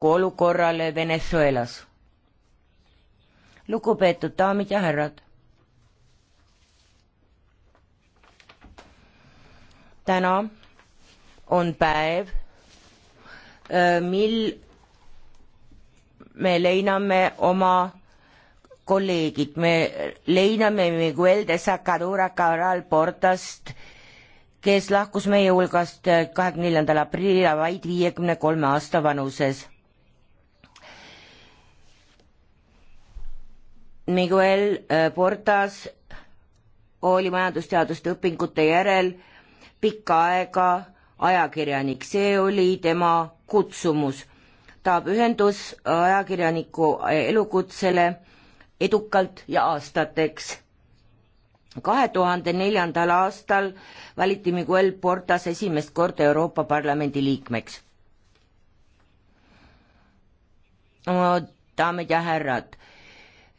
olukorrale Venezuelas. lugupeetud daamid ja härrad. täna on päev, mil me leiname oma kolleegid, me leiname Miguel de Sacadura Cabral Portast, kes lahkus meie hulgast kahekümne neljandal aprillil vaid viiekümne kolme aasta vanuses Miguel äh, Portas oli majandusteaduste õpingute järel pikka aega ajakirjanik, see oli tema kutsumus. ta pühendus ajakirjaniku elukutsele edukalt ja aastateks. kahe tuhande neljandal aastal valiti Miguel Portas esimest korda Euroopa Parlamendi liikmeks. daamid ja härrad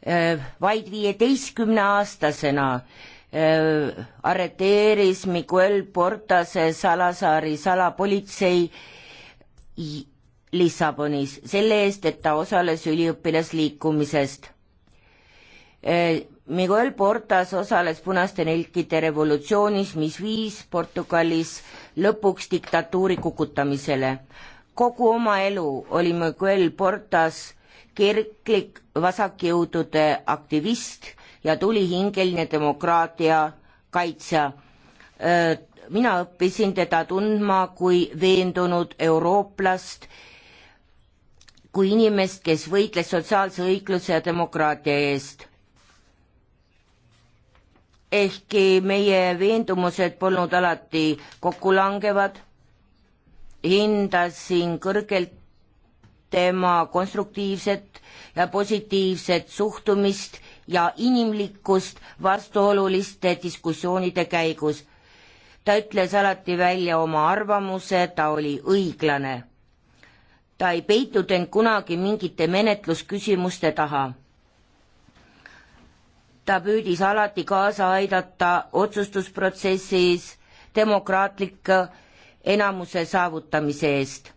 Äh, vaid viieteistkümne aastasena äh, arreteeris Miguel Portase Salazari salapolitsei Lissabonis selle eest, et ta osales üliõpilasliikumisest. Äh, Miguel Portas osales punaste nelkide revolutsioonis, mis viis Portugalis lõpuks diktatuuri kukutamisele. kogu oma elu oli Miguel Portas kirglik vasakjõudude aktivist ja tulihingeline demokraatia kaitsja. mina õppisin teda tundma kui veendunud eurooplast, kui inimest, kes võitles sotsiaalse õigluse ja demokraatia eest. ehkki meie veendumused polnud alati kokkulangevad, hindasin kõrgelt tema konstruktiivset ja positiivset suhtumist ja inimlikkust vastuoluliste diskussioonide käigus. ta ütles alati välja oma arvamuse, ta oli õiglane. ta ei peitnud end kunagi mingite menetlusküsimuste taha. ta püüdis alati kaasa aidata otsustusprotsessis demokraatliku enamuse saavutamise eest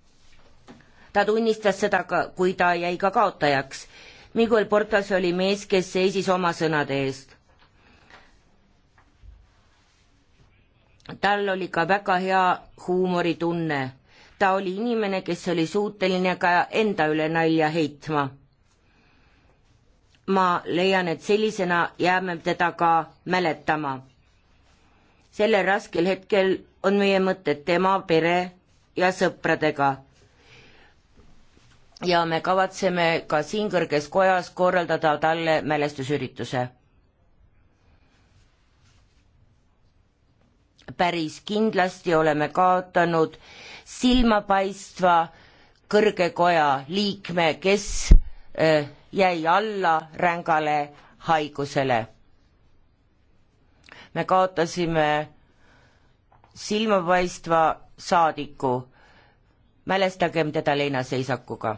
ta tunnistas seda ka, kui ta jäi ka kaotajaks. Miguel Portas oli mees, kes seisis oma sõnade eest. tal oli ka väga hea huumoritunne. ta oli inimene, kes oli suuteline ka enda üle nalja heitma. ma leian, et sellisena jääme teda ka mäletama. sellel raskel hetkel on meie mõtted tema pere ja sõpradega ja me kavatseme ka siin kõrges kojas korraldada talle mälestusürituse. päris kindlasti oleme kaotanud silmapaistva kõrge koja liikme, kes eh, jäi alla rängale haigusele. me kaotasime silmapaistva saadiku, mälestagem teda leinaseisakuga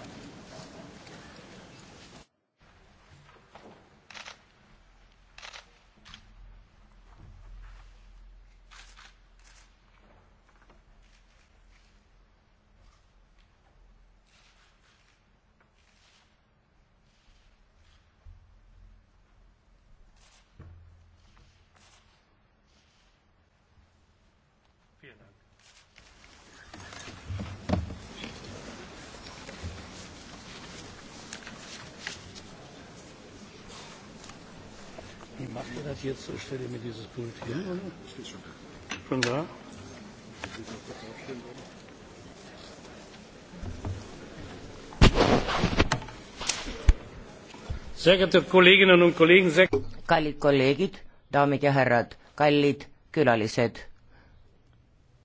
Macht ihr das jetzt? Ich stelle mir dieses Pult hin, oder? Steht schon da. Schon da? Sehr geehrte Kolleginnen und Kollegen, sehr kallid kolleegid, daamid ja härrad, kallid külalised